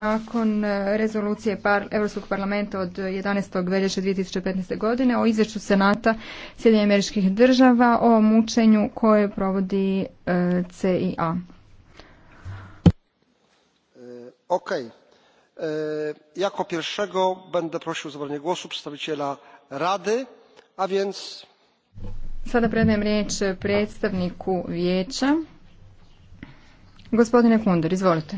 Nakon e, rezolucije par, Europskog parlamenta od 11. veljače 2015. godine o izvješću Senata Sjedinjenih američkih država o mučenju koje provodi e, CIA. E, ok. jako pierwszego będę prosił o zabranie głosu przedstawiciela Rady, a więc... Sada predajem riječ predstavniku vijeća. Gospodine Kundur, izvolite.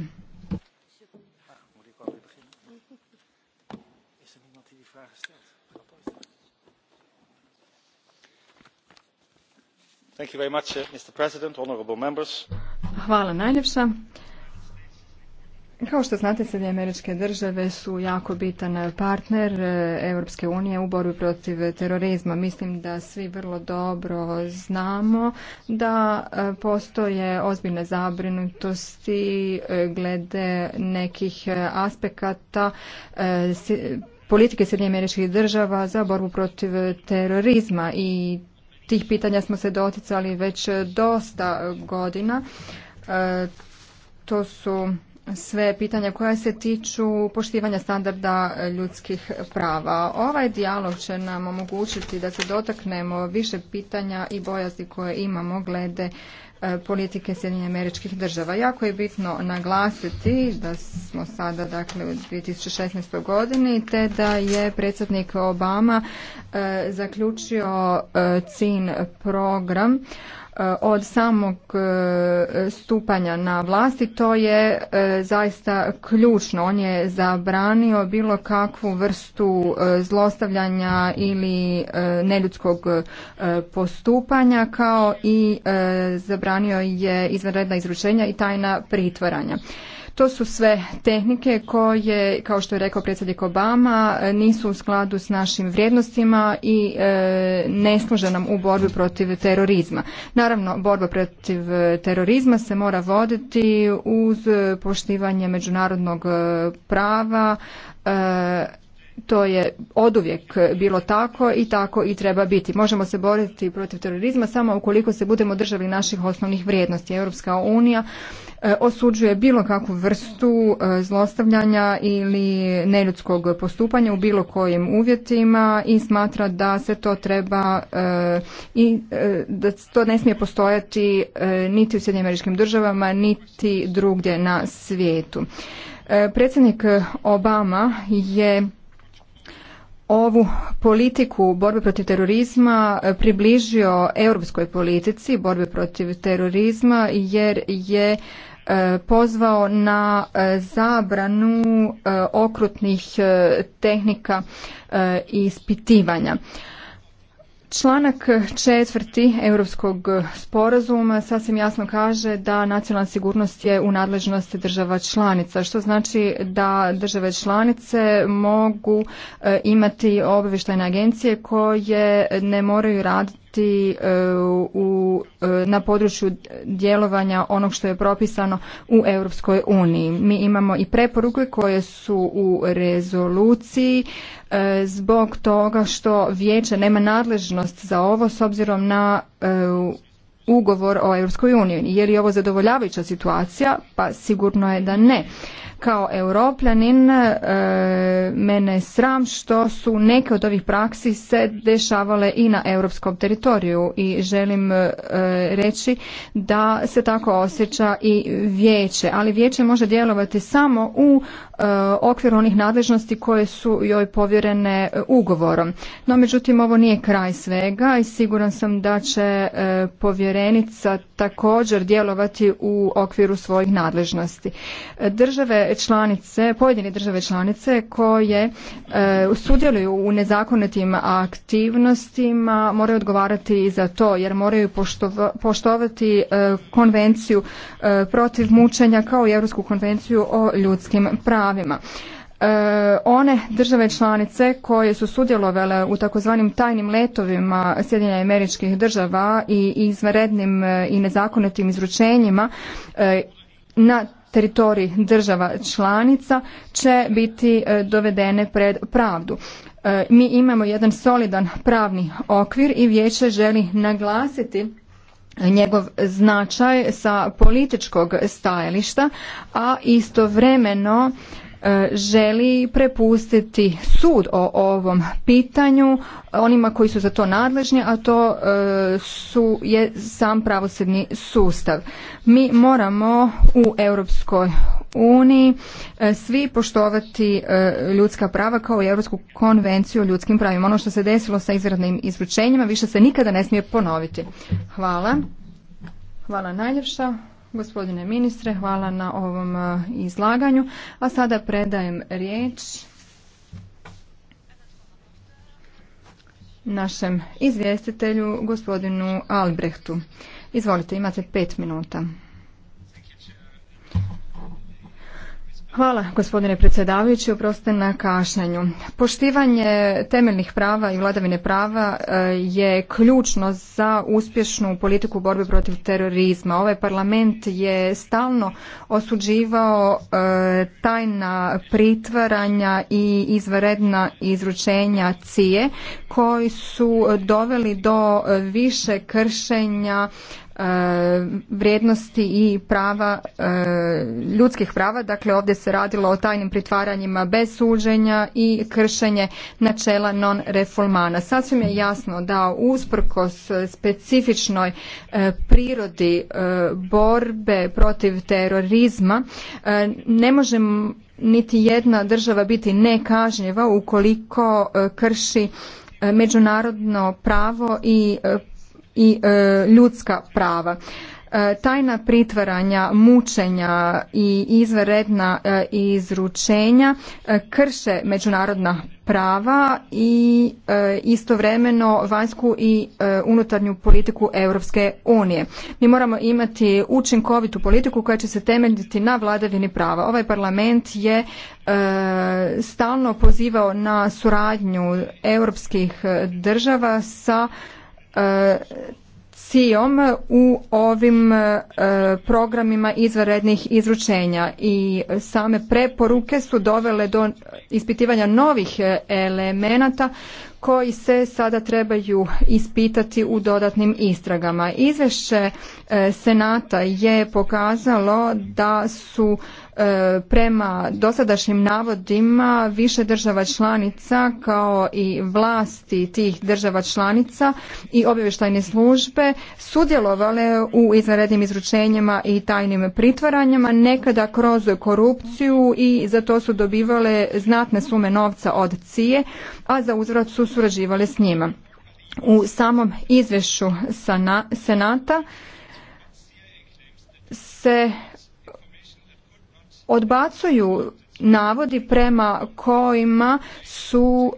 Uh, Hvala najljepša. Kao što znate, sjedinjene američke države su jako bitan partner Europske unije u borbi protiv terorizma. Mislim da svi vrlo dobro znamo da e, postoje ozbiljne zabrinutosti e, glede nekih e, aspekata politike sjedinjenih američkih država za borbu protiv terorizma i tih pitanja smo se doticali već e, dosta e, godina. E, to su sve pitanja koja se tiču poštivanja standarda ljudskih prava. Ovaj dijalog će nam omogućiti da se dotaknemo više pitanja i bojazni koje imamo glede politike Sjedinje američkih država. Jako je bitno naglasiti da smo sada dakle u 2016. godini te da je predsjednik Obama E, zaključio e, CIN program e, od samog stupanja na vlasti, to je zaista ključno. On je zabranio bilo kakvu vrstu zlostavljanja ili neljudskog postupanja kao i zabranio je izvanredna izručenja i tajna pritvaranja. To su sve tehnike koje, kao što je rekao predsjednik Obama, nisu u skladu s našim vrijednostima i e, ne služe nam u borbi protiv terorizma. Naravno, borba protiv e, terorizma se mora voditi uz poštivanje međunarodnog e, prava, to je oduvijek bilo tako i tako i treba biti. Možemo se boriti protiv terorizma samo ukoliko se budemo držali naših osnovnih vrijednosti. Europska unija e, osuđuje bilo kakvu vrstu e, zlostavljanja ili neljudskog postupanja u bilo kojim uvjetima i smatra da se to treba e, i da to ne smije postojati niti u Sjedinim američkim državama niti drugdje na svijetu. Predsjednik Obama je ovu politiku borbe protiv terorizma eh, približio europskoj politici borbe protiv terorizma jer je eh, pozvao na eh, zabranu okrutnih tehnika ispitivanja. Članak četvrti Europskog sporazuma sasvim jasno kaže da nacionalna sigurnost je u nadležnosti država članica, što znači da države članice mogu e, imati obavještajne agencije koje ne moraju raditi E, u, e, na području djelovanja onog što je propisano u Europskoj uniji. Mi imamo i preporuke koje su u rezoluciji e, zbog toga što vijeće nema nadležnost za ovo s obzirom na ugovor o Europskoj uniji. Je li ovo zadovoljavajuća situacija? Pa sigurno je da ne. Kao europljanin e, mene je sram što su neke od ovih praksi se dešavale i na europskom teritoriju i želim e, reći da se tako osjeća i vijeće, ali vijeće može djelovati samo u e, okviru onih nadležnosti koje su joj povjerene ugovorom. No međutim ovo nije kraj svega i siguran sam da će povjerenica također djelovati u okviru svojih nadležnosti. Države članice, pojedine države članice koje e, sudjeluju u nezakonitim aktivnostima moraju odgovarati i za to jer moraju poštovati e, konvenciju e, protiv mučenja kao i Europsku konvenciju o ljudskim pravima. One države članice koje su sudjelovale u takozvanim tajnim letovima Sjedinja američkih država i izvanrednim i nezakonitim izručenjima na teritorij država članica će biti e, dovedene pred pravdu. E, mi imamo jedan solidan pravni okvir i vijeće želi naglasiti njegov značaj sa političkog stajališta, a istovremeno želi prepustiti sud o ovom pitanju onima koji su za to nadležni, a to e, su je sam pravosudni sustav. Mi moramo u Europskoj uniji e, svi poštovati e, ljudska prava kao i Europsku konvenciju o ljudskim pravima. Ono što se desilo sa izradnim izručenjima više se nikada ne smije ponoviti. Hvala. Hvala najljepša. Gospodine ministre, hvala na ovom e, izlaganju. A sada predajem riječ našem izvjestitelju, gospodinu Albrehtu. Izvolite, imate pet minuta. Hvala gospodine predsjedavajući, oprostite na kašnjenju. Poštivanje temeljnih prava i vladavine prava e, je ključno za uspješnu politiku borbe protiv terorizma. Ovaj parlament je stalno osuđivao e, tajna pritvaranja i izvanredna izručenja cije koji su doveli do više kršenja E, vrijednosti i prava e, ljudskih prava dakle ovdje se radilo o tajnim pritvaranjima bez suđenja i kršenje načela non reformana sasvim je jasno da usprkos specifičnoj e, prirodi borbe protiv terorizma ne može niti jedna država biti nekažnjiva ukoliko krši međunarodno pravo i i e, ljudska prava e, tajna pritvaranja, mučenja i izvanredna e, izručenja krše međunarodna prava i istovremeno vanjsku i unutarnju politiku Europske unije. Mi moramo imati učinkovitu politiku koja će se temeljiti na vladavini prava. Ovaj parlament je stalno pozivao na suradnju europskih država sa E, cijom u ovim e, programima izvanrednih izručenja i same preporuke su dovele do ispitivanja novih e, elemenata koji se sada trebaju ispitati u dodatnim istragama. Izvješće Senata je pokazalo da su E, prema dosadašnjim navodima više država članica kao i vlasti tih država članica i obavještajne službe sudjelovale u izvanrednim izručenjima i tajnim pritvaranjima nekada kroz korupciju i za to su dobivale znatne sume novca od Cije, a za uzvrat su surađivale s njima u samom izvješću Senata se odbacuju navodi prema kojima su,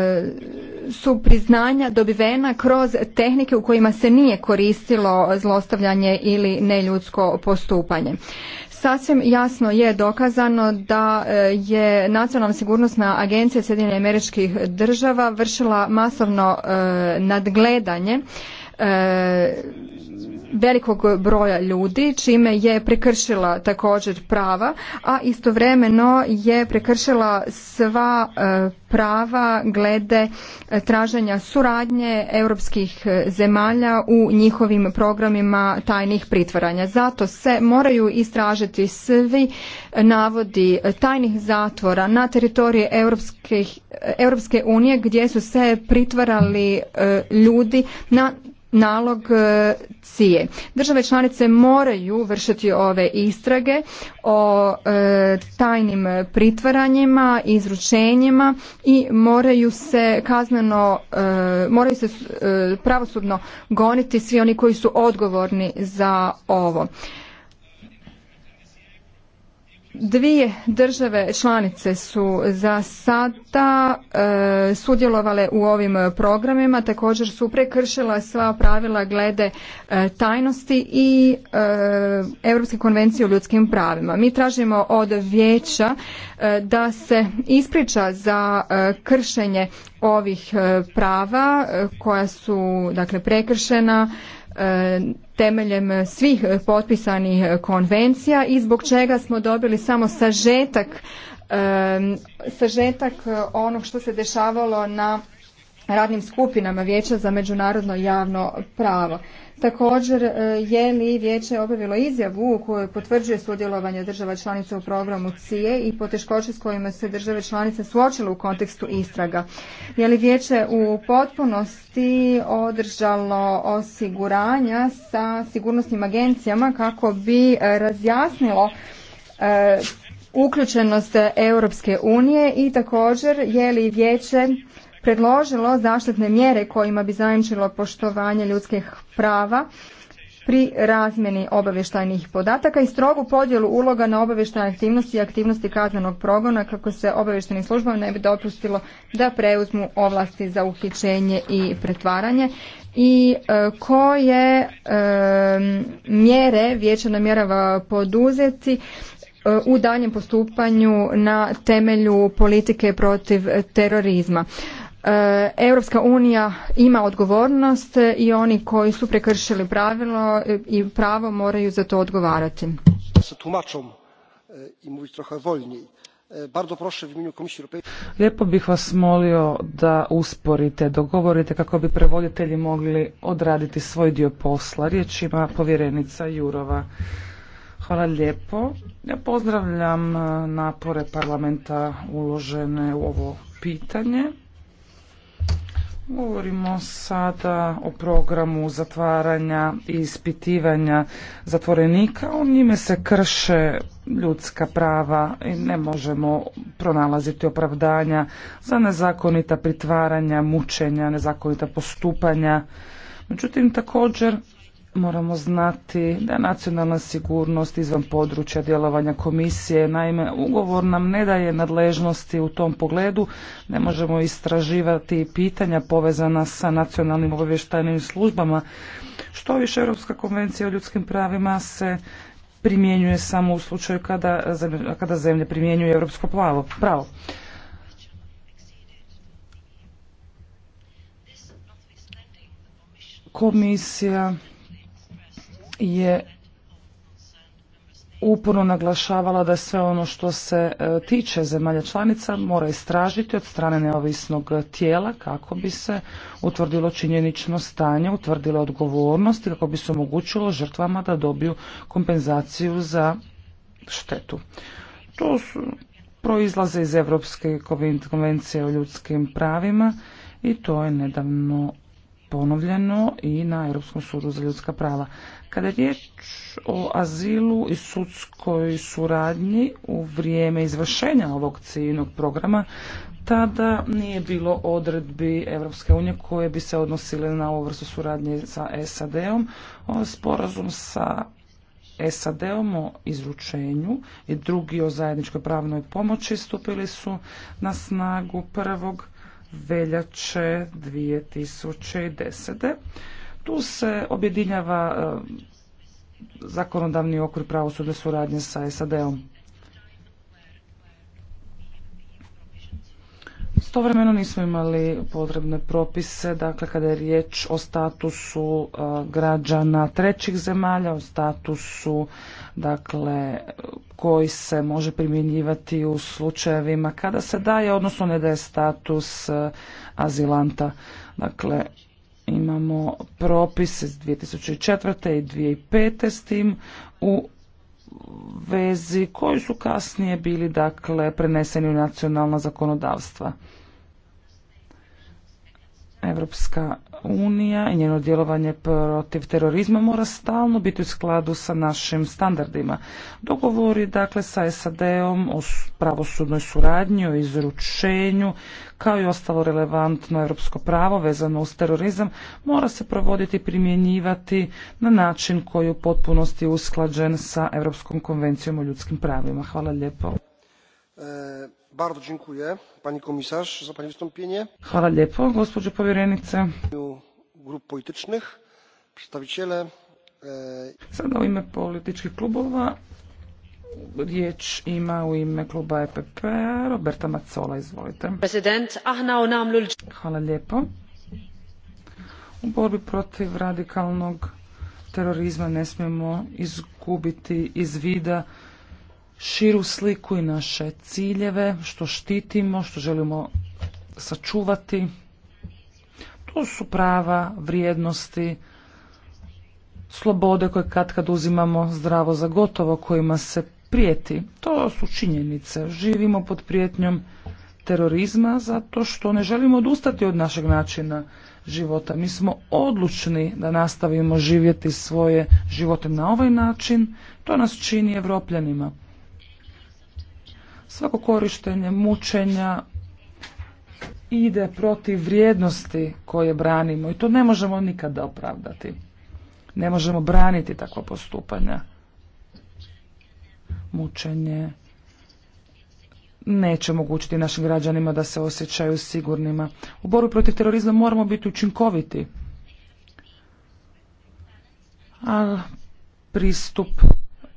eh, su priznanja dobivena kroz tehnike u kojima se nije koristilo zlostavljanje ili neljudsko postupanje. Sasvim jasno je dokazano da eh, je Nacionalna sigurnosna agencija Sjedinjenih američkih država vršila masovno eh, nadgledanje velikog broja ljudi čime je prekršila također prava, a istovremeno je prekršila sva e, prava glede e, traženja suradnje europskih e, zemalja u njihovim programima tajnih pritvaranja. Zato se moraju istražiti svi navodi tajnih zatvora na teritoriji Europske unije gdje su se pritvarali ljudi na nalog CIE. E. Države članice moraju vršiti ove istrage o e, tajnim pritvaranjima, izručenjima i moraju se kazneno, e, moraju se pravosudno goniti svi oni koji su odgovorni za ovo. Dvije države članice su za sada e, sudjelovale u ovim programima, također su prekršila sva pravila glede e, tajnosti i e, Europske konvencije o ljudskim pravima. Mi tražimo od vijeća da se ispriča za kršenje ovih prava koja su dakle prekršena temeljem svih potpisanih konvencija i zbog čega smo dobili samo sažetak sažetak onog što se dešavalo na radnim skupinama Vijeća za međunarodno javno pravo. Također e, je li Vijeće obavilo izjavu u kojoj potvrđuje sudjelovanje država članica u programu CIE i poteškoće s kojima se države članice suočile u kontekstu istraga. Je li Vijeće u potpunosti održalo osiguranja sa sigurnosnim agencijama kako bi e, razjasnilo e, uključenost Europske unije i također je li Vijeće predložilo zaštitne mjere kojima bi zajamčilo poštovanje ljudskih prava pri razmjeni obavještajnih podataka i strogu podjelu uloga na obavještajne aktivnosti i aktivnosti kaznenog progona kako se obavještajnim službama ne bi dopustilo da preuzmu ovlasti za uhićenje i pretvaranje i e, koje e, mjere vijeće namjerava poduzeti e, u daljem postupanju na temelju politike protiv terorizma. E, Europska unija ima odgovornost i oni koji su prekršili pravilo e, i pravo moraju za to odgovarati. E, lijepo bih vas molio da usporite, dogovorite kako bi prevoditelji mogli odraditi svoj dio posla. Riječ ima povjerenica Jurova. Hvala lijepo. Ja pozdravljam napore parlamenta uložene u ovo pitanje. Govorimo sada o programu zatvaranja i ispitivanja zatvorenika. O njime se krše ljudska prava i ne možemo pronalaziti opravdanja za nezakonita pritvaranja, mučenja, nezakonita postupanja. Međutim, također moramo znati da je nacionalna sigurnost izvan područja djelovanja komisije. Naime, ugovor nam ne daje nadležnosti u tom pogledu. Ne možemo istraživati pitanja povezana sa nacionalnim obavještajnim službama. Što više, Europska konvencija o ljudskim pravima se primjenjuje samo u slučaju kada, kada zemlje primjenjuju europsko pravo. Komisija je uporno naglašavala da sve ono što se e, tiče zemalja članica mora istražiti od strane neovisnog tijela kako bi se utvrdilo činjenično stanje, utvrdilo odgovornost i kako bi se omogućilo žrtvama da dobiju kompenzaciju za štetu. To su, proizlaze iz Europske konvencije o ljudskim pravima i to je nedavno ponovljeno i na Europskom sudu za ljudska prava. Kada je riječ o azilu i sudskoj suradnji u vrijeme izvršenja ovog ciljnog programa, tada nije bilo odredbi Europske unije koje bi se odnosile na ovu vrstu suradnje sa SAD-om. Sporazum sa SAD-om o izručenju i drugi o zajedničkoj pravnoj pomoći stupili su na snagu 1. veljače 2010. Tu se objedinjava e, zakonodavni okvir pravosudne suradnje sa SAD-om. Stovremeno nismo imali potrebne propise, dakle kada je riječ o statusu e, građana trećih zemalja, o statusu dakle koji se može primjenjivati u slučajevima kada se daje, odnosno ne daje status e, azilanta. Dakle, Imamo propis iz 2004. i 2005. s tim u vezi koji su kasnije bili dakle preneseni u nacionalna zakonodavstva. Evropska unija i njeno djelovanje protiv terorizma mora stalno biti u skladu sa našim standardima. Dogovori dakle sa SAD-om o pravosudnoj suradnji, o izručenju, kao i ostalo relevantno europsko pravo vezano uz terorizam mora se provoditi i primjenjivati na način koji je u potpunosti usklađen sa Europskom konvencijom o ljudskim pravima. Hvala lijepo. E, Bardzo dziękuję pani komisarz za Hvala lijepo gospođo povjerenice. E, Sada u ime političkih klubova riječ ima u ime kluba EPP p-a Roberta Macola, izvolite. Ah, Hvala lijepo. U borbi protiv radikalnog terorizma ne smijemo izgubiti iz vida širu sliku i naše ciljeve, što štitimo, što želimo sačuvati. To su prava, vrijednosti, slobode koje kad kad uzimamo zdravo za gotovo, kojima se prijeti. To su činjenice. Živimo pod prijetnjom terorizma zato što ne želimo odustati od našeg načina života. Mi smo odlučni da nastavimo živjeti svoje živote na ovaj način. To nas čini evropljanima. Svako korištenje mučenja ide protiv vrijednosti koje branimo i to ne možemo nikada opravdati. Ne možemo braniti takva postupanja. Mučenje neće omogućiti našim građanima da se osjećaju sigurnima. U boru protiv terorizma moramo biti učinkoviti. A pristup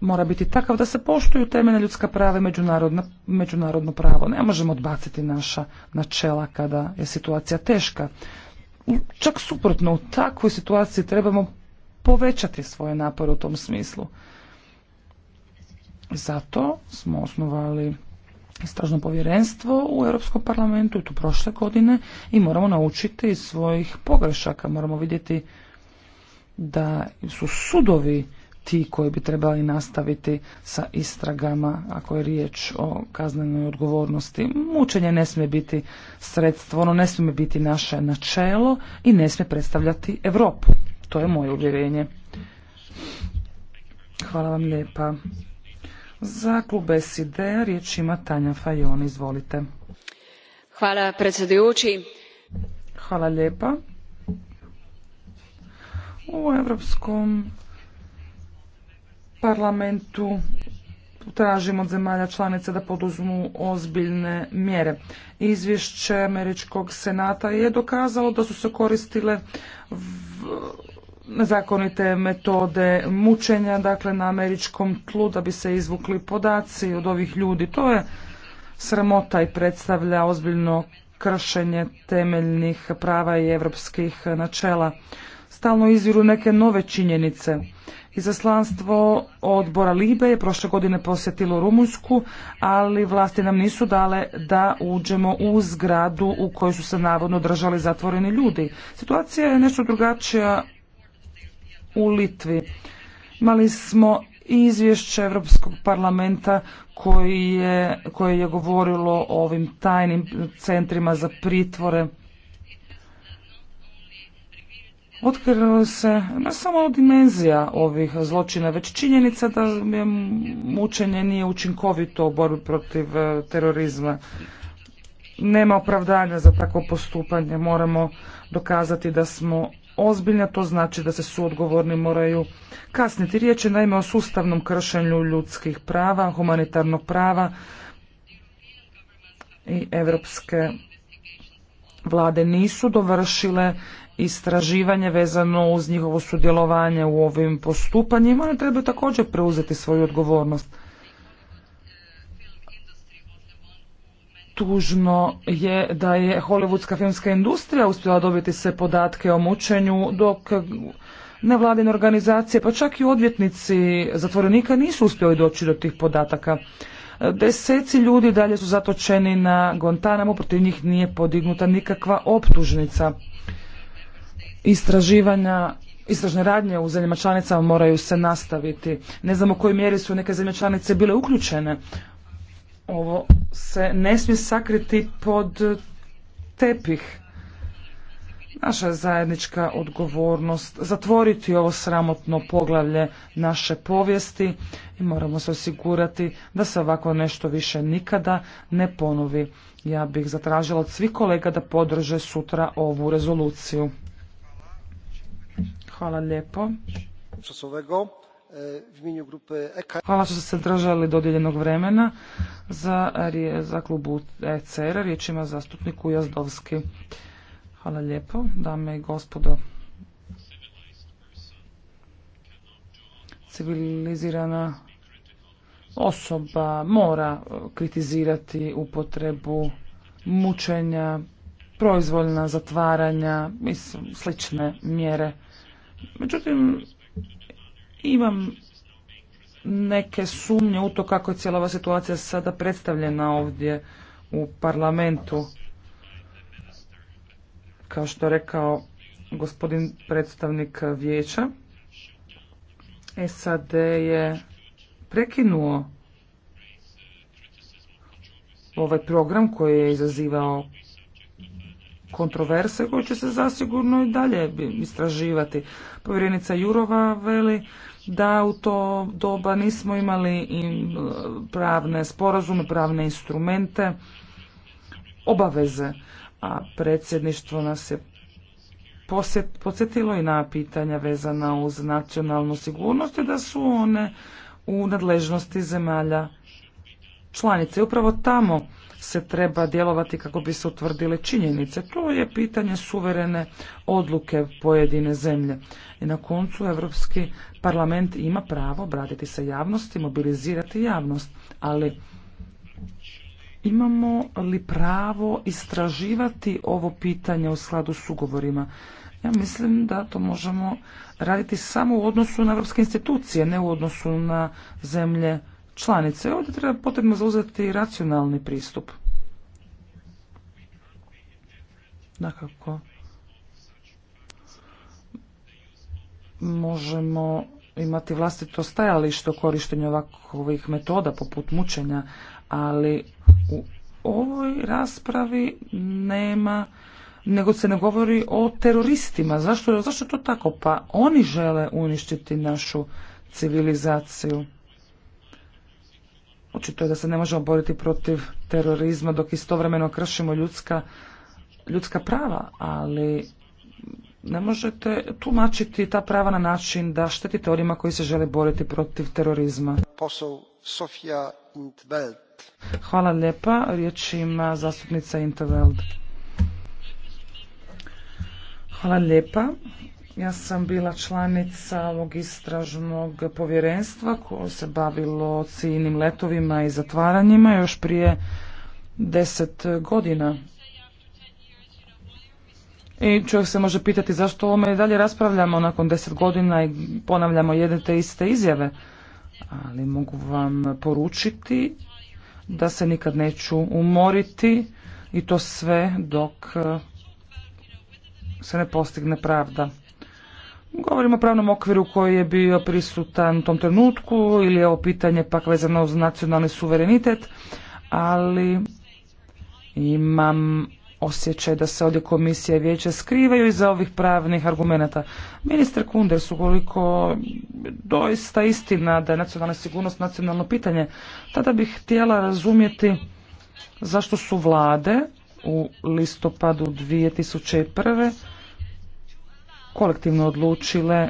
mora biti takav da se poštuju temeljne ljudska prava i međunarodno, pravo. Ne možemo odbaciti naša načela kada je situacija teška. Čak suprotno, u takvoj situaciji trebamo povećati svoje napore u tom smislu. Zato smo osnovali istražno povjerenstvo u Europskom parlamentu i tu prošle godine i moramo naučiti iz svojih pogrešaka. Moramo vidjeti da su sudovi ti koji bi trebali nastaviti sa istragama ako je riječ o kaznenoj odgovornosti. Mučenje ne smije biti sredstvo, ono ne smije biti naše načelo i ne smije predstavljati Europu. To je moje uvjerenje. Hvala vam lijepa. Za klub SID riječ ima Tanja Fajon, izvolite. Hvala predsjedujući. Hvala lijepa. U Europskom parlamentu tražimo od zemalja članica da poduzmu ozbiljne mjere. Izvješće Američkog senata je dokazalo da su se koristile nezakonite metode mučenja dakle na američkom tlu da bi se izvukli podaci od ovih ljudi. To je sramota i predstavlja ozbiljno kršenje temeljnih prava i europskih načela. Stalno izviru neke nove činjenice. Izaslanstvo odbora Libe je prošle godine posjetilo Rumunjsku, ali vlasti nam nisu dale da uđemo u zgradu u kojoj su se navodno držali zatvoreni ljudi. Situacija je nešto drugačija u Litvi. Imali smo izvješće Europskog parlamenta koje je govorilo o ovim tajnim centrima za pritvore otkrilo se ne samo dimenzija ovih zločina, već činjenica da mučenje nije učinkovito u borbi protiv e, terorizma. Nema opravdanja za takvo postupanje, moramo dokazati da smo ozbiljna, to znači da se suodgovorni moraju kasniti. Riječ je naime o sustavnom kršenju ljudskih prava, humanitarnog prava i evropske vlade nisu dovršile istraživanje vezano uz njihovo sudjelovanje u ovim postupanjima. One trebaju također preuzeti svoju odgovornost. Tužno je da je hollywoodska filmska industrija uspjela dobiti se podatke o mučenju, dok nevladine organizacije, pa čak i odvjetnici zatvorenika nisu uspjeli doći do tih podataka. Deseci ljudi dalje su zatočeni na Guantanamo, protiv njih nije podignuta nikakva optužnica istraživanja Istražne radnje u zemljama članicama moraju se nastaviti. Ne znamo u kojoj mjeri su neke zemlje članice bile uključene. Ovo se ne smije sakriti pod tepih. Naša zajednička odgovornost zatvoriti ovo sramotno poglavlje naše povijesti i moramo se osigurati da se ovako nešto više nikada ne ponovi. Ja bih zatražila od svih kolega da podrže sutra ovu rezoluciju. Hvala lijepo. E, Hvala što ste se držali dodijeljenog vremena. Za, za klubu ecr riječ ima zastupnik Ujazdovski. Hvala lijepo, dame i gospodo. Civilizirana osoba mora e, kritizirati upotrebu mučenja, proizvoljna zatvaranja slične mjere. Međutim, imam neke sumnje u to kako je cijela ova situacija sada predstavljena ovdje u parlamentu. Kao što je rekao gospodin predstavnik vijeća, SAD je prekinuo ovaj program koji je izazivao kontroverse koje će se zasigurno i dalje istraživati. Povjerenica Jurova veli da u to doba nismo imali i e, pravne sporazume, pravne instrumente, obaveze, a predsjedništvo nas je podsjetilo i na pitanja vezana uz nacionalnu sigurnost i da su one u nadležnosti zemalja članice. Upravo tamo se treba djelovati kako bi se utvrdile činjenice. To je pitanje suverene odluke pojedine zemlje. I na koncu Europski parlament ima pravo obratiti se javnosti, mobilizirati javnost, ali imamo li pravo istraživati ovo pitanje u skladu s ugovorima? Ja mislim da to možemo raditi samo u odnosu na europske institucije, ne u odnosu na zemlje članice. Ovdje treba potrebno zauzeti racionalni pristup. Dakako. Možemo imati vlastito stajalište o korištenju ovakvih metoda poput mučenja, ali u ovoj raspravi nema nego se ne govori o teroristima. Zašto, zašto je to tako? Pa oni žele uništiti našu civilizaciju. Očito je da se ne možemo boriti protiv terorizma dok istovremeno kršimo ljudska, ljudska prava, ali ne možete tumačiti ta prava na način da štetite onima koji se žele boriti protiv terorizma. Hvala lijepa. Riječ ima zastupnica Interveld. Hvala lijepa. Ja sam bila članica ovog istražnog povjerenstva koje se bavilo ciljnim letovima i zatvaranjima još prije deset godina. I čovjek se može pitati zašto ovome i dalje raspravljamo nakon deset godina i ponavljamo jedne te iste izjave. Ali mogu vam poručiti da se nikad neću umoriti i to sve dok se ne postigne pravda. Govorimo o pravnom okviru koji je bio prisutan u tom trenutku ili je ovo pitanje pak vezano uz nacionalni suverenitet, ali imam osjećaj da se ovdje komisija i vijeće skrivaju iza ovih pravnih argumenata. Ministar su ukoliko doista istina da je nacionalna sigurnost nacionalno pitanje, tada bih htjela razumjeti zašto su vlade u listopadu 2001 kolektivno odlučile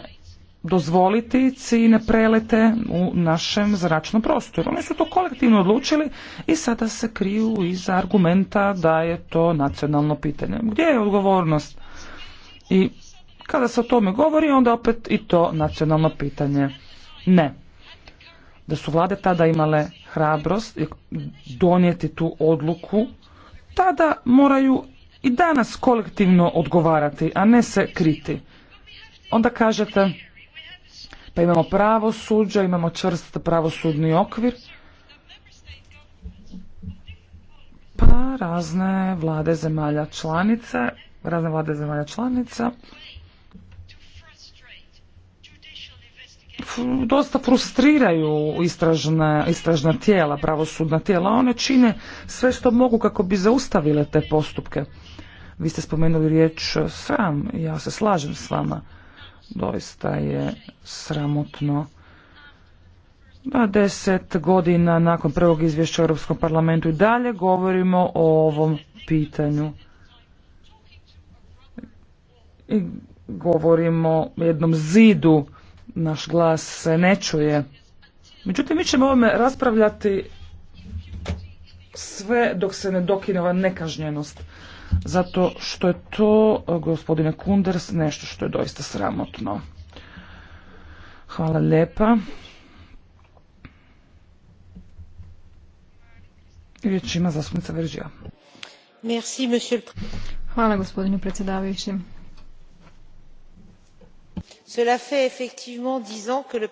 dozvoliti cijene prelete u našem zračnom prostoru. Oni su to kolektivno odlučili i sada se kriju iza argumenta da je to nacionalno pitanje. Gdje je odgovornost? I kada se o tome govori, onda opet i to nacionalno pitanje. Ne. Da su vlade tada imale hrabrost donijeti tu odluku, tada moraju i danas kolektivno odgovarati, a ne se kriti onda kažete pa imamo pravo suđa, imamo čvrst pravosudni okvir, pa razne vlade zemalja članice, razne vlade zemalja članica dosta frustriraju istražna, istražna tijela, pravosudna tijela. One čine sve što mogu kako bi zaustavile te postupke. Vi ste spomenuli riječ sram, ja se slažem s vama. Doista je sramotno 20 godina nakon prvog izvješća u Europskom parlamentu i dalje govorimo o ovom pitanju. I govorimo o jednom zidu, naš glas se ne čuje. Međutim, mi ćemo ovome raspravljati sve dok se ne dokine ova nekažnjenost zato što je to, eh, gospodine Kunders, nešto što je doista sramotno. Hvala lijepa. Riječ ima zastupnica Veržija. Hvala gospodine predsjedavajući. Cela fait effectivement 10 ans que le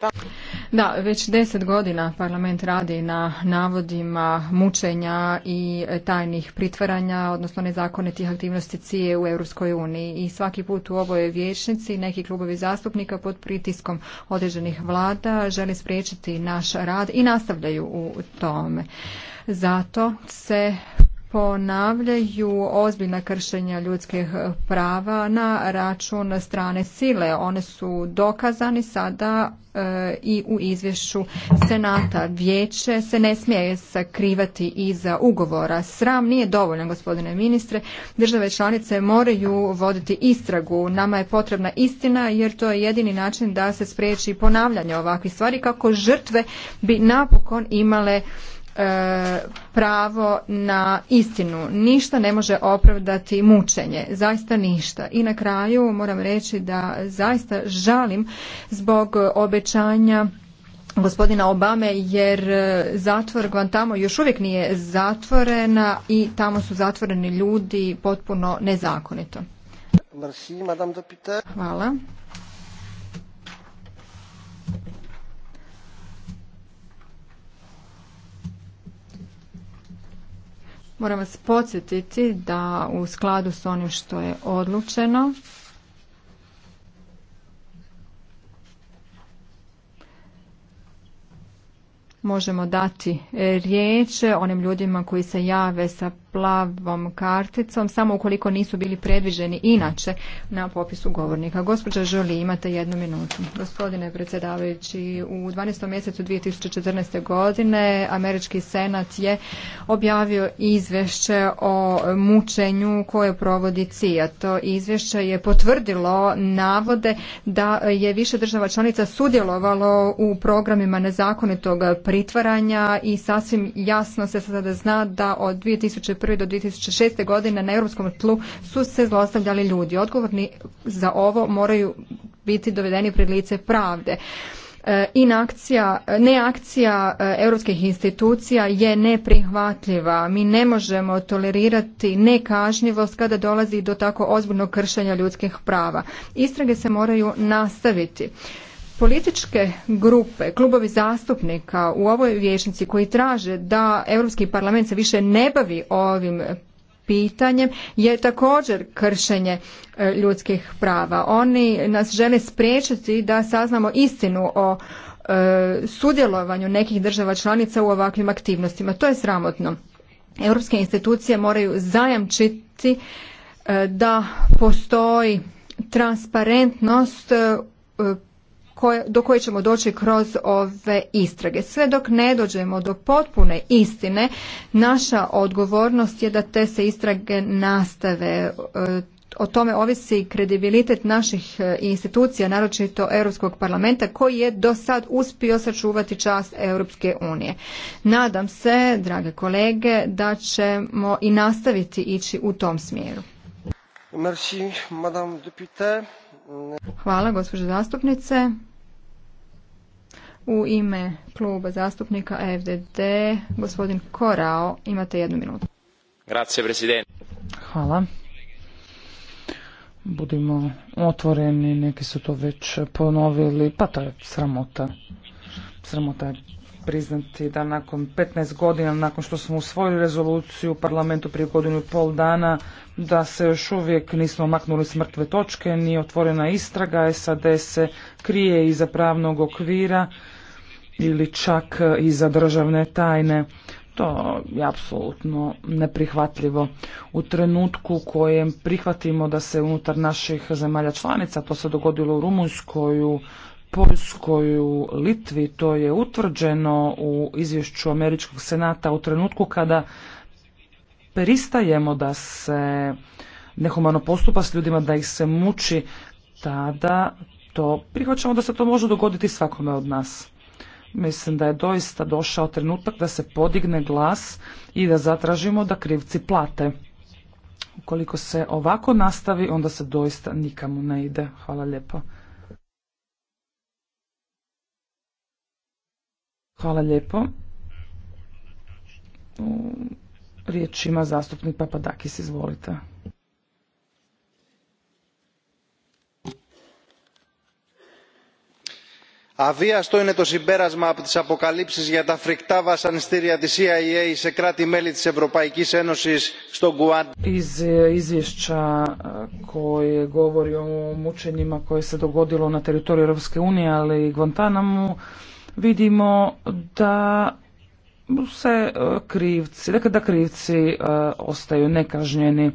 da, već deset godina parlament radi na navodima mučenja i tajnih pritvaranja, odnosno nezakonitih aktivnosti cije u Europskoj uniji. I svaki put u ovoj vječnici neki klubovi zastupnika pod pritiskom određenih vlada žele spriječiti naš rad i nastavljaju u tome. Zato se ponavljaju ozbiljna kršenja ljudskih prava na račun strane sile. One su dokazani sada e, i u izvješću Senata. Vijeće se ne smije sakrivati iza ugovora. Sram nije dovoljan, gospodine ministre. Države članice moraju voditi istragu. Nama je potrebna istina jer to je jedini način da se spriječi ponavljanje ovakvih stvari kako žrtve bi napokon imale E, pravo na istinu. Ništa ne može opravdati mučenje, zaista ništa. I na kraju moram reći da zaista žalim zbog obećanja gospodina Obame jer e, zatvor Guantamo još uvijek nije zatvorena i tamo su zatvoreni ljudi potpuno nezakonito. Hvala. Moram vas podsjetiti da u skladu s onim što je odlučeno možemo dati riječ onim ljudima koji se jave sa plavom karticom, samo ukoliko nisu bili predviđeni inače na popisu govornika. Gospođa Žoli, imate jednu minutu. Gospodine predsjedavajući, u 12. mjesecu 2014. godine Američki senat je objavio izvješće o mučenju koje provodi CIA. To izvješće je potvrdilo navode da je više država članica sudjelovalo u programima nezakonitog pritvaranja i sasvim jasno se sada zna da od 2000 2001. do 2006. godine na europskom tlu su se zlostavljali ljudi. Odgovorni za ovo moraju biti dovedeni pred lice pravde e, inakcija, neakcija e, europskih institucija je neprihvatljiva. Mi ne možemo tolerirati nekažnjivost kada dolazi do tako ozbiljnog kršenja ljudskih prava. Istrage se moraju nastaviti. Političke grupe, klubovi zastupnika u ovoj vijećnici koji traže da Europski parlament se više ne bavi ovim pitanjem je također kršenje e, ljudskih prava. Oni nas žele spriječiti da saznamo istinu o e, sudjelovanju nekih država članica u ovakvim aktivnostima. To je sramotno. Europske institucije moraju zajamčiti e, da postoji transparentnost do koje ćemo doći kroz ove istrage. Sve dok ne dođemo do potpune istine, naša odgovornost je da te se istrage nastave. E, o tome ovisi kredibilitet naših e, institucija, naročito Europskog parlamenta, koji je do sad uspio sačuvati čast Europske unije. Nadam se, drage kolege, da ćemo i nastaviti ići u tom smjeru. Merci, Hvala, gospođo zastupnice. U ime kluba zastupnika FDD, gospodin Korao, imate jednu minutu. Grazie, presidente. Hvala. Budimo otvoreni, neki su to već ponovili, pa to je sramota. Sramota priznati da nakon 15 godina, nakon što smo usvojili rezoluciju u parlamentu prije godinu i pol dana, da se još uvijek nismo maknuli s mrtve točke, ni otvorena istraga, SAD se krije iza pravnog okvira ili čak iza državne tajne. To je apsolutno neprihvatljivo. U trenutku kojem prihvatimo da se unutar naših zemalja članica, to se dogodilo u Rumunjskoj, Poljskoj u Litvi, to je utvrđeno u izvješću Američkog senata u trenutku kada pristajemo da se nehumano postupa s ljudima, da ih se muči, tada to prihvaćamo da se to može dogoditi svakome od nas. Mislim da je doista došao trenutak da se podigne glas i da zatražimo da krivci plate. Ukoliko se ovako nastavi, onda se doista nikamu ne ide. Hvala lijepo. Hvala lijepo. Riječ ima zastupnik Papadakis, izvolite. αβίαστο είναι το συμπέρασμα από τις αποκαλύψεις για τα φρικτά βασανιστήρια της cia σε κράτη μέλη της ευρωπαϊκής ένωσης στο Iz izvješća koje govori o mučenjima koje se dogodilo na teritoriju Europske unije, ali i Guantanamo, vidimo da se e, krivci, dakle da krivci e, ostaju nekažnjeni.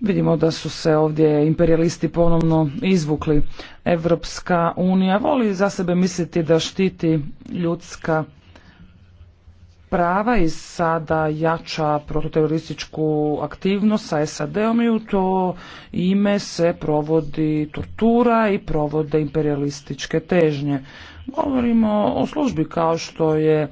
Vidimo da su se ovdje imperialisti ponovno izvukli. Evropska unija voli za sebe misliti da štiti ljudska prava i sada jača prototerorističku aktivnost sa SAD-om i u to ime se provodi tortura i provode imperialističke težnje. Govorimo o službi kao što je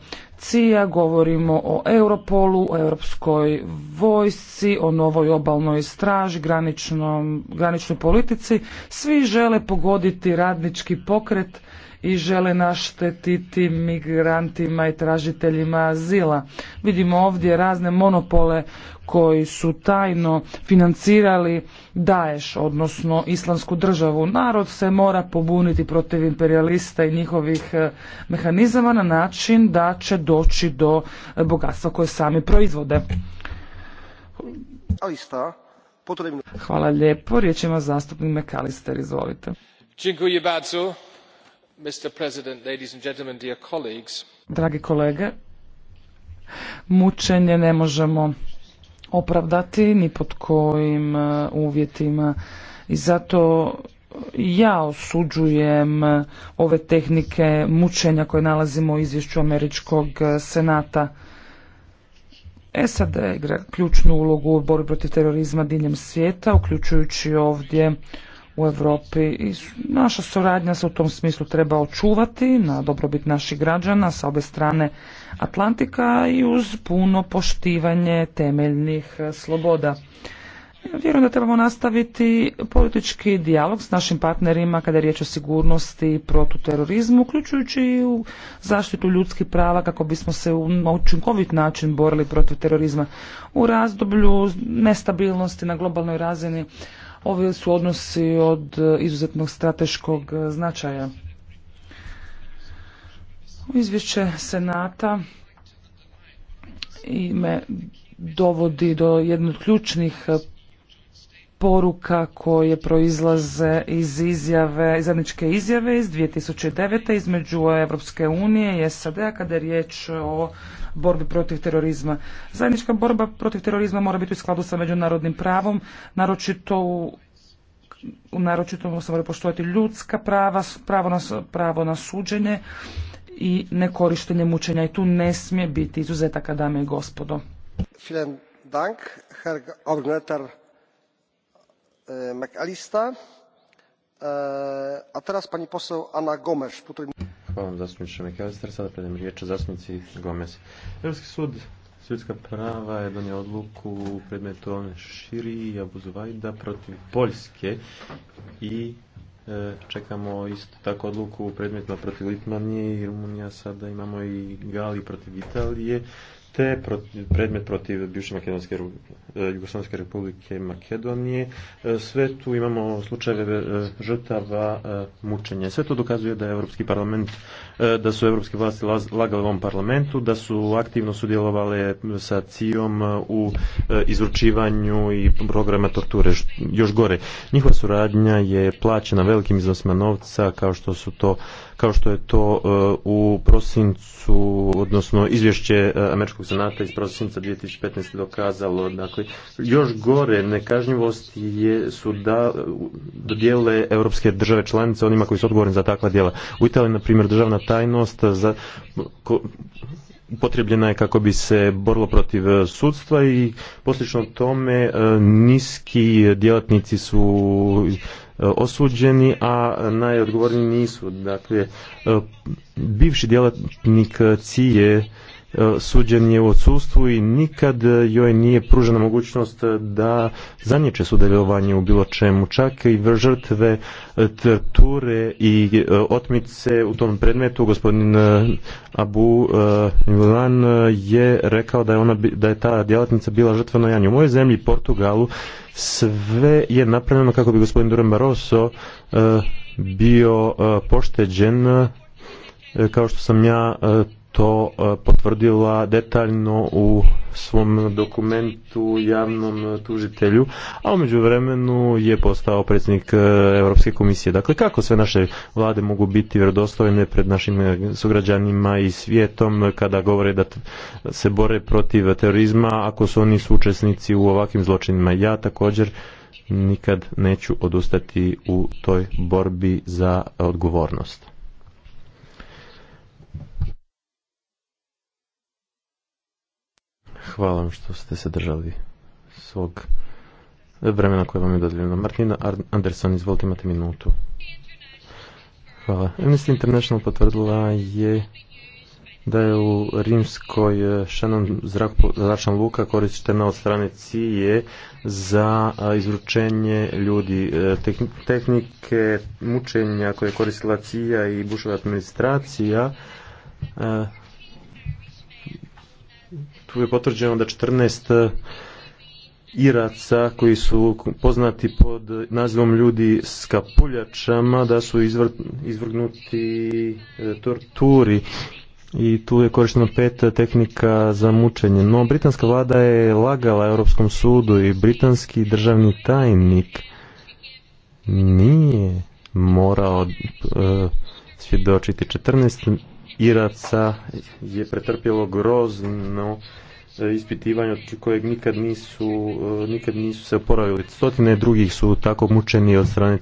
govorimo o Europolu, o Europskoj vojsci, o novoj obalnoj straži, graničnoj politici. Svi žele pogoditi radnički pokret i žele naštetiti migrantima i tražiteljima azila. Vidimo ovdje razne monopole koji su tajno financirali Daesh, odnosno Islamsku državu. Narod se mora pobuniti protiv imperialista i njihovih eh, mehanizama na način da će do doći do bogatstva koje sami proizvode. Hvala lijepo. Riječ ima zastupnik Mekalister. Izvolite. Dragi kolege, mučenje ne možemo opravdati ni pod kojim eh, uvjetima i zato ja osuđujem ove tehnike mučenja koje nalazimo u izvješću Američkog e, senata. E, SAD igra ključnu ulogu u borbi protiv terorizma diljem svijeta, uključujući ovdje u Europi i naša suradnja se u tom smislu treba očuvati na dobrobit naših građana sa obe strane Atlantika i uz puno poštivanje temeljnih e, sloboda. Vjerujem da trebamo nastaviti politički dijalog s našim partnerima kada je riječ o sigurnosti i protuterorizmu, uključujući i u zaštitu ljudskih prava kako bismo se u učinkovit način borili protiv terorizma. U razdoblju nestabilnosti na globalnoj razini ovi su odnosi od izuzetnog strateškog značaja. U izvješće Senata ime dovodi do jednog od ključnih poruka koje proizlaze iz izjave, zajedničke izjave iz 2009. između Europske unije i sad kada je riječ o borbi protiv terorizma. Zajednička borba protiv terorizma mora biti u skladu sa međunarodnim pravom, naročito u naročito se mora poštovati ljudska prava, pravo na, pravo na suđenje i nekorištenje mučenja i tu ne smije biti izuzetaka dame i gospodo. E, e, a teraz pani poseł Ana zastupniče McAllister. Sada predajem riječ zastupnici Gomez. Europski sud ljudska prava je donio odluku u predmetu one Širi i Abuzuvajda protiv Poljske i e, čekamo isto tako odluku u predmetima protiv Litmanije i Rumunija. Sada imamo i Gali protiv Italije te predmet protiv bivše Makedonske, e, republike Makedonije. E, sve tu imamo slučajeve e, žrtava mučenja. Sve to dokazuje da je Europski parlament, da su europske vlasti lagale u ovom parlamentu, da su aktivno sudjelovale sa cijom u izručivanju i programa torture. Još gore, njihova suradnja je plaćena velikim iznosima novca kao što su to kao što je to e, u prosincu, odnosno izvješće e, Američkog senata iz prosinca 2015. dokazalo. Dakle, još gore nekažnjivost je, su da dodijele europske države članice onima koji su odgovorni za takva djela. U Italiji, na primjer, državna tajnost za, ko, upotrebljena je kako bi se borilo protiv e, sudstva i poslično tome e, niski djelatnici su e, osuđeni, a najodgovorniji nisu. Dakle, bivši djelatnik Cije E, je u odsustvu i nikad e, joj nije pružena mogućnost e, da zanječe sudjelovanje u bilo čemu. Čak i žrtve terture i otmice u tom predmetu gospodin Abu Milan je rekao da je, ona, da je ta djelatnica bila žrtva janju. U mojoj zemlji Portugalu sve je napravljeno kako bi gospodin Duran Barroso bio pošteđen kao što sam ja to e, potvrdila detaljno u svom dokumentu javnom tužitelju, a u vremenu je postao predsjednik e, Europske komisije. Dakle, kako sve naše vlade mogu biti vjerodostojne pred našim e, sugrađanima i svijetom kada govore da se bore protiv terorizma ako su oni sučesnici u ovakvim zločinima? Ja također nikad neću odustati u toj borbi za odgovornost. Hvala vam što ste se držali svog vremena koje vam je dodijeljeno. Martina Anderson, izvolite, imate minutu. Hvala. Amnesty International potvrdila je da je u rimskoj e, Šenom zračna luka korištena od strane Cije za izručenje ljudi. E, tehnike mučenja koje je koristila CIA i Bušova administracija e, je potvrđeno da 14 e, Iraca koji su poznati pod nazivom ljudi s kapuljačama da su izvr, izvrgnuti e, torturi i tu je korištena pet tehnika za mučenje. No, britanska vlada je lagala Europskom sudu i britanski državni tajnik nije morao e, svjedočiti. 14 Iraca je pretrpjelo grozno E, ispitivanja kojeg nikad nisu, e, nikad nisu se oporavili. Stotine drugih su tako mučeni od strane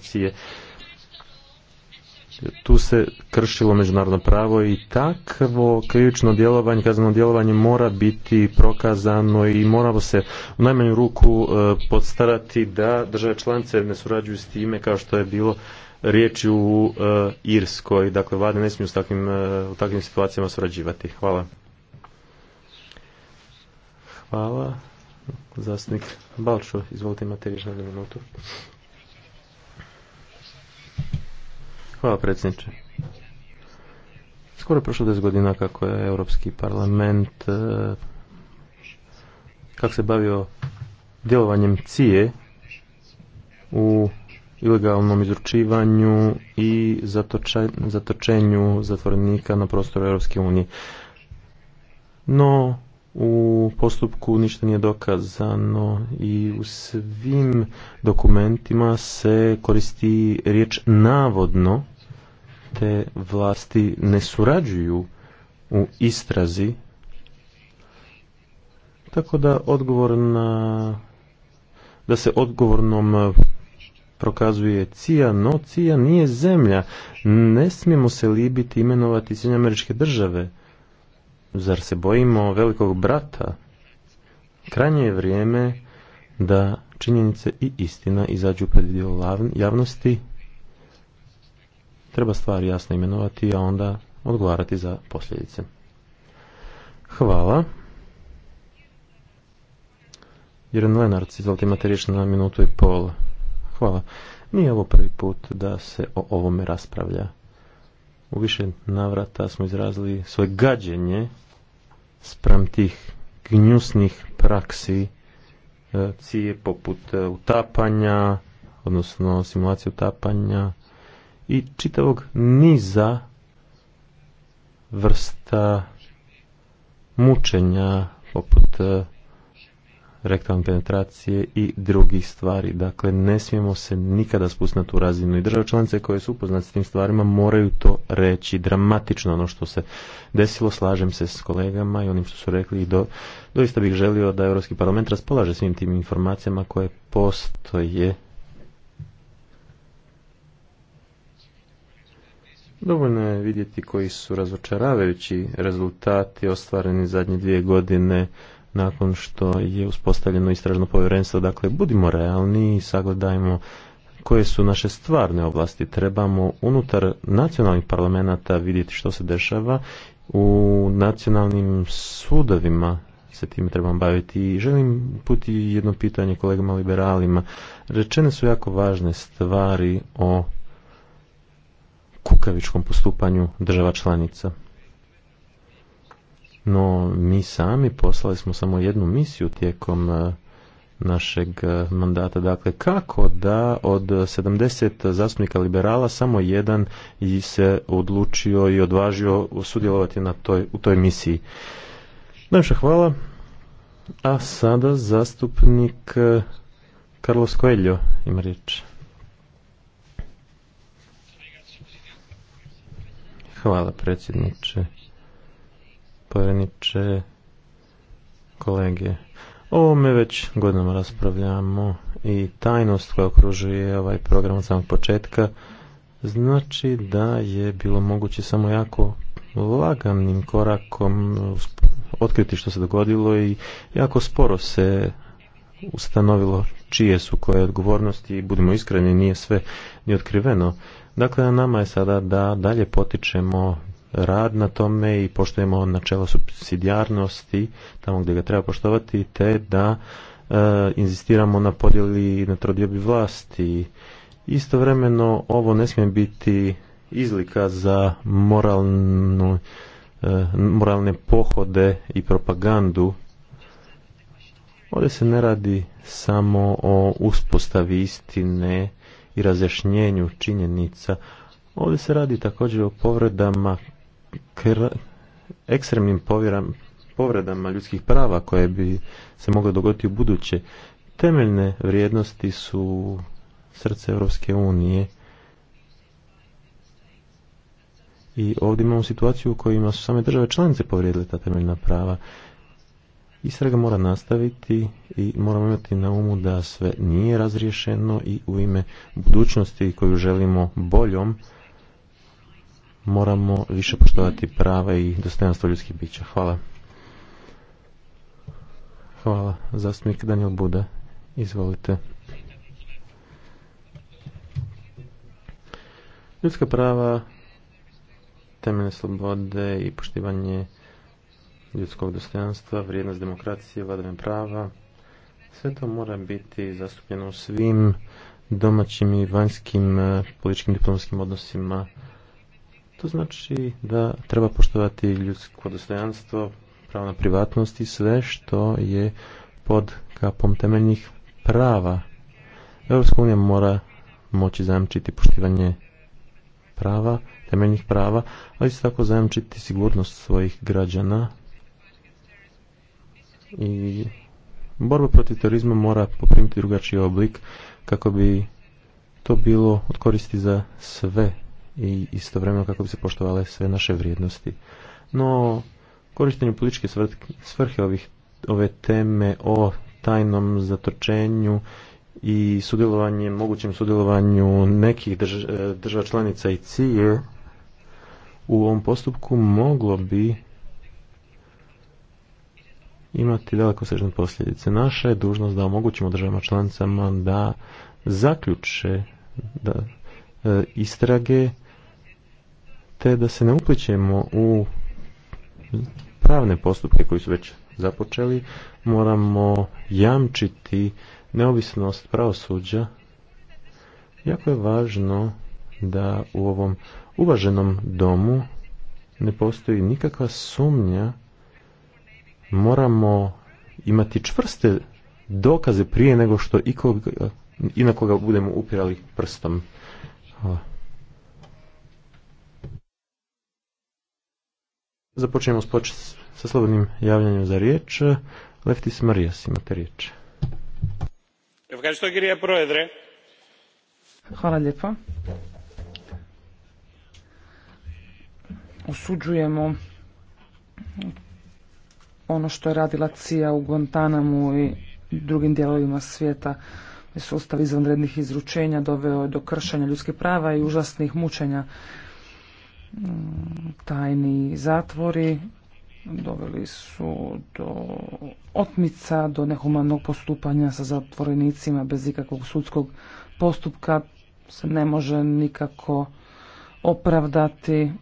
Tu se kršilo međunarodno pravo i takvo krivično djelovanje, kazneno djelovanje mora biti prokazano i moramo se u najmanju ruku e, podstarati da države članice ne surađuju s time kao što je bilo riječi u Irskoj. Dakle, vlade ne smiju s takvim, u takvim situacijama surađivati. Hvala. Hvala. Zastupnik Balčo, izvolite imate više na minutu. Hvala predsjedniče. Skoro je prošlo 10 godina kako je Europski parlament e, kako se bavio djelovanjem CIE u ilegalnom izručivanju i zatočenju zatvorenika na prostoru Europske unije. No, u postupku ništa nije dokazano i u svim dokumentima se koristi riječ navodno te vlasti ne surađuju u istrazi tako da odgovor na da se odgovornom prokazuje CIA, no CIA nije zemlja. Ne smijemo se libiti imenovati Sjedinje američke države. Zar se bojimo velikog brata? Krajnje je vrijeme da činjenice i istina izađu pred javnosti. Treba stvari jasno imenovati, a onda odgovarati za posljedice. Hvala. Jeren Lenarc, izvolite imate riječ na minutu i pol. Hvala. Nije ovo prvi put da se o ovome raspravlja. U više navrata smo izrazili svoje gađenje spram tih gnjusnih praksi e, cije poput e, utapanja, odnosno simulacije utapanja i čitavog niza vrsta mučenja poput e, rektalne penetracije i drugih stvari. Dakle, ne smijemo se nikada spustiti na tu razinu i države članice koje su upoznate s tim stvarima moraju to reći dramatično ono što se desilo. Slažem se s kolegama i onim što su rekli i do, doista bih želio da Europski parlament raspolaže svim tim informacijama koje postoje Dovoljno je vidjeti koji su razočaravajući rezultati ostvareni zadnje dvije godine nakon što je uspostavljeno istražno povjerenstvo. Dakle, budimo realni i sagledajmo koje su naše stvarne oblasti. Trebamo unutar nacionalnih parlamenta vidjeti što se dešava. U nacionalnim sudovima se time trebamo baviti. I želim puti jedno pitanje kolegama liberalima. Rečene su jako važne stvari o kukavičkom postupanju država članica no mi sami poslali smo samo jednu misiju tijekom e, našeg e, mandata. Dakle, kako da od 70 zastupnika liberala samo jedan i se odlučio i odvažio sudjelovati na toj, u toj misiji. Najviše hvala. A sada zastupnik e, Carlos Coelho ima riječ. Hvala predsjedniče povjereniče, kolege. O ovome već godinama raspravljamo i tajnost koja okružuje ovaj program od samog početka znači da je bilo moguće samo jako laganim korakom otkriti što se dogodilo i jako sporo se ustanovilo čije su koje odgovornosti i budimo iskreni nije sve ni otkriveno. Dakle, na nama je sada da dalje potičemo rad na tome i poštujemo načelo subsidijarnosti tamo gdje ga treba poštovati te da e, inzistiramo na podjeli na trodiobi vlasti. Istovremeno ovo ne smije biti izlika za moralnu, e, moralne pohode i propagandu. Ovdje se ne radi samo o uspostavi istine i razjašnjenju činjenica. Ovdje se radi također o povredama ekstremnim povjeram, povredama ljudskih prava koje bi se mogle dogoditi u buduće. Temeljne vrijednosti su srce Europske unije i ovdje imamo situaciju u kojima su same države članice povrijedile ta temeljna prava. Istraga mora nastaviti i moramo imati na umu da sve nije razriješeno i u ime budućnosti koju želimo boljom moramo više poštovati prava i dostojanstvo ljudskih bića. Hvala. Hvala. Zastupnik Daniel Buda. Izvolite. Ljudska prava, temeljne slobode i poštivanje ljudskog dostojanstva, vrijednost demokracije, vladavine prava, sve to mora biti zastupljeno u svim domaćim i vanjskim eh, političkim diplomatskim odnosima to znači da treba poštovati ljudsko dostojanstvo, pravo na privatnost i sve što je pod kapom temeljnih prava. Europska unija mora moći zajamčiti poštivanje prava, temeljnih prava, ali isto tako zajamčiti sigurnost svojih građana i borba protiv terorizma mora poprimiti drugačiji oblik kako bi to bilo od koristi za sve i istovremeno kako bi se poštovale sve naše vrijednosti. No, korištenje političke svrhe ovih, ove teme o tajnom zatočenju i sudjelovanje, mogućem sudjelovanju nekih e, država članica i cije u ovom postupku moglo bi imati daleko srežne posljedice. Naša je dužnost da omogućimo državama članicama da zaključe da, e, istrage te da se ne uplićemo u pravne postupke koji su već započeli, moramo jamčiti neovisnost pravosuđa. Jako je važno da u ovom uvaženom domu ne postoji nikakva sumnja. Moramo imati čvrste dokaze prije nego što i na koga budemo upirali prstom. Hvala. Započnemo s počet, sa slobodnim javljanjem za riječ. Leftis Marijas, imate riječ. Hvala lijepo. Osuđujemo ono što je radila CIA u Guantanamu i drugim dijelovima svijeta sustav izvanrednih izručenja doveo je do kršenja ljudskih prava i užasnih mučenja tajni zatvori doveli su do otmica, do nehumanog postupanja sa zatvorenicima bez ikakvog sudskog postupka se ne može nikako opravdati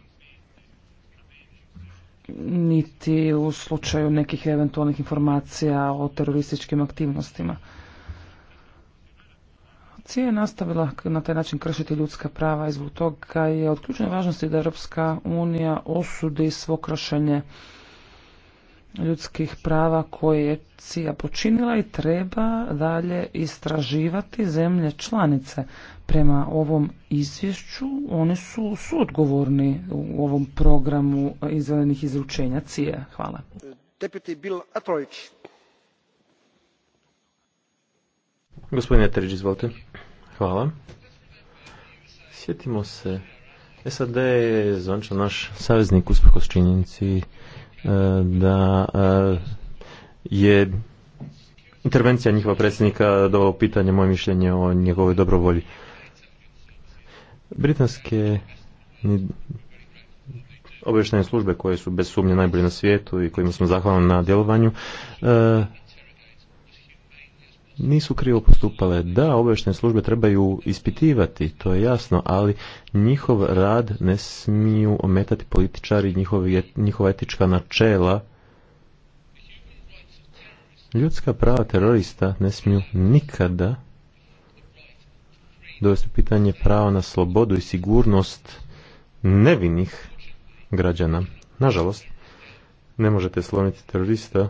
niti u slučaju nekih eventualnih informacija o terorističkim aktivnostima. Turcija je nastavila na taj način kršiti ljudska prava i zbog toga je od ključne važnosti da Europska unija osudi svo kršenje ljudskih prava koje je CIA počinila i treba dalje istraživati zemlje članice. Prema ovom izvješću oni su suodgovorni u ovom programu izvedenih izručenja CIA. Hvala. Deputy Gospodine Eterić, izvolite. Hvala. Sjetimo se, e SAD je zvanično naš saveznik usprkos činjenici e, da e, je intervencija njihova predsjednika dovela pitanje moje mišljenje o njegovoj dobrovolji. Britanske obještene službe koje su bez sumnje najbolje na svijetu i kojima smo zahvalni na djelovanju nisu krivo postupale. Da, obavještajne službe trebaju ispitivati, to je jasno, ali njihov rad ne smiju ometati političari i njihova etička načela. Ljudska prava terorista ne smiju nikada dovesti pitanje prava na slobodu i sigurnost nevinih građana. Nažalost, ne možete sloniti terorista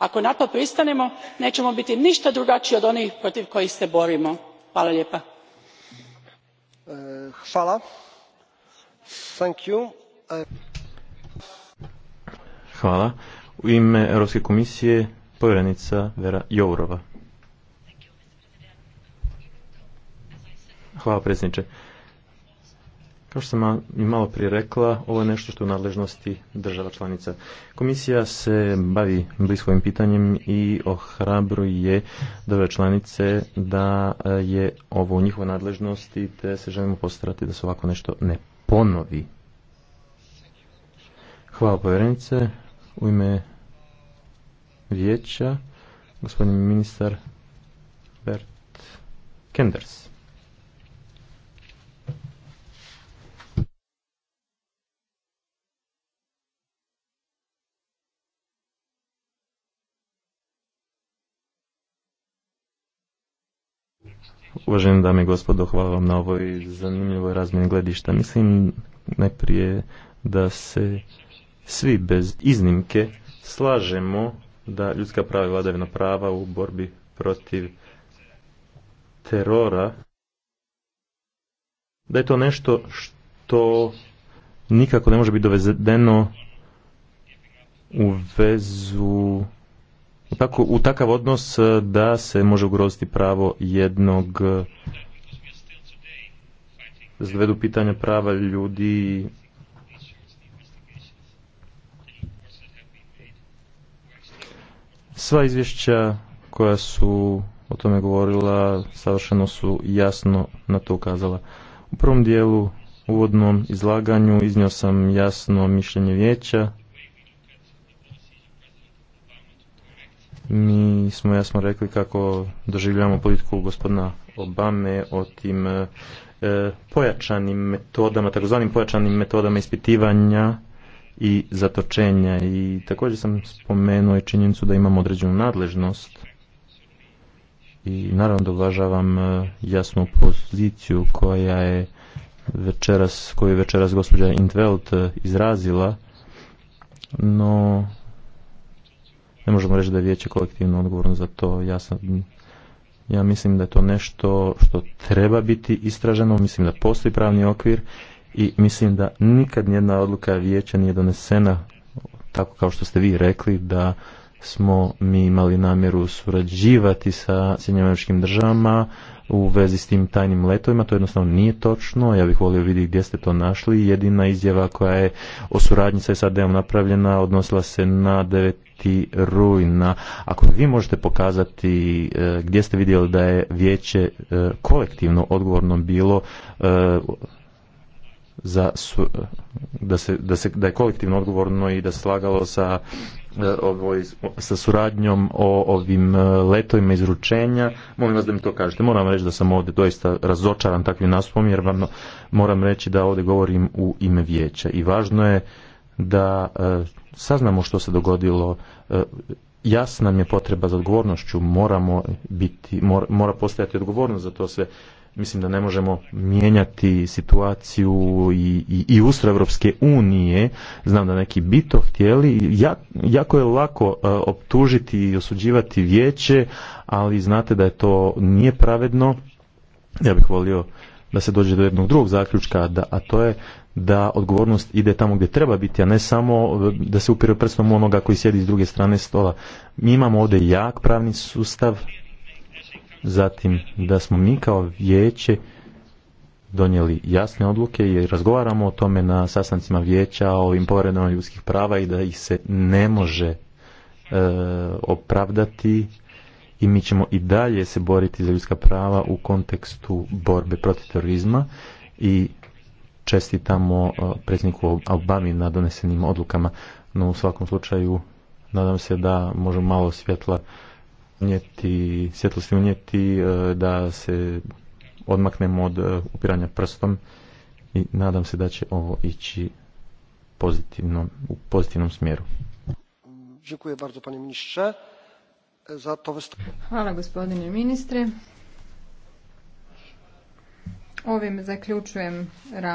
ako na to pristanemo nećemo biti ništa drugačiji od onih protiv kojih se borimo. hvala. E, e. Hvala. U ime Europske komisije povjerenica Vera Jourova. Hvala predsjedniče. Kao što sam malo prije rekla, ovo je nešto što je u nadležnosti država članica. Komisija se bavi bliskovim pitanjem i ohrabruje države članice da e, je ovo u njihovoj nadležnosti te se želimo postarati da se ovako nešto ne ponovi. Hvala povjerenice. U ime vijeća gospodin ministar Bert Kenders. Uvažene dame i gospodo, hvala vam na ovoj zanimljivoj razmjeni gledišta. Mislim najprije da se svi bez iznimke slažemo da ljudska prava i vladavina prava u borbi protiv terora da je to nešto što nikako ne može biti dovedeno u vezu tako, u takav odnos e, da se može ugroziti pravo jednog zvedu e, pitanja prava ljudi Sva izvješća koja su o tome govorila savršeno su jasno na to ukazala. U prvom dijelu uvodnom izlaganju iznio sam jasno mišljenje vijeća Mi smo jasno rekli kako doživljavamo politiku gospodina Obame o tim e, pojačanim metodama, takozvanim pojačanim metodama ispitivanja i zatočenja. I također sam spomenuo i činjenicu da imamo određenu nadležnost i naravno da uvažavam e, jasnu poziciju koja je večeras, koju je večeras gospođa Intveld e, izrazila, no ne možemo reći da je vijeće kolektivno odgovorno za to. Ja sam ja mislim da je to nešto što treba biti istraženo, mislim da postoji pravni okvir i mislim da nikad nijedna odluka vijeća nije donesena tako kao što ste vi rekli da smo mi imali namjeru surađivati sa Sjedinjavajuškim državama u vezi s tim tajnim letovima, to jednostavno nije točno, ja bih volio vidjeti gdje ste to našli, jedina izjava koja je o suradnji sa SAD-om napravljena odnosila se na devet biti rujna. Ako vi možete pokazati e, gdje ste vidjeli da je vijeće e, kolektivno odgovorno bilo e, za su, da, se, da, se, da je kolektivno odgovorno i da se slagalo sa, sa suradnjom o ovim letovima izručenja. Molim vas da mi to kažete. Moram reći da sam ovdje doista razočaran takvim nastupom jer moram reći da ovdje govorim u ime vijeća i važno je da e, saznamo što se dogodilo e, jasna nam je potreba za odgovornošću moramo biti mora, postojati odgovornost za to sve mislim da ne možemo mijenjati situaciju i, i, i Europske unije. Znam da neki bi to htjeli. Ja, jako je lako e, optužiti i osuđivati vijeće, ali znate da je to nije pravedno. Ja bih volio da se dođe do jednog drugog zaključka, da, a to je da odgovornost ide tamo gdje treba biti, a ne samo e, da se upire prstom onoga koji sjedi s druge strane stola. Mi imamo ovdje jak pravni sustav, zatim da smo mi kao vijeće donijeli jasne odluke i razgovaramo o tome na sastancima vijeća o ovim povredama ljudskih prava i da ih se ne može e, opravdati i mi ćemo i dalje se boriti za ljudska prava u kontekstu borbe protiv terorizma i čestitamo e, predsjedniku Obami na donesenim odlukama, no u svakom slučaju nadam se da možemo malo svjetla unijeti, svjetlosti unijeti, e, da se odmaknemo od e, upiranja prstom i nadam se da će ovo ići pozitivno, u pozitivnom smjeru. Dziękuję bardzo panie ministrze za to Hvala gospodine ministre. Ovim zaključujem rad.